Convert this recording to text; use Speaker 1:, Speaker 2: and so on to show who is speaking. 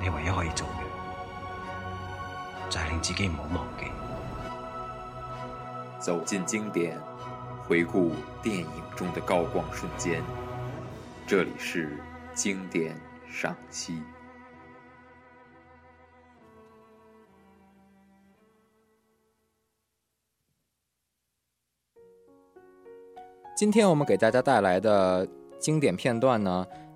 Speaker 1: 你
Speaker 2: 唯一可以做嘅，就係令自己唔好忘記。走進經典，回顧電影中的高光瞬間。這裏是經典賞析。今天我們給大家帶來的經典片段呢？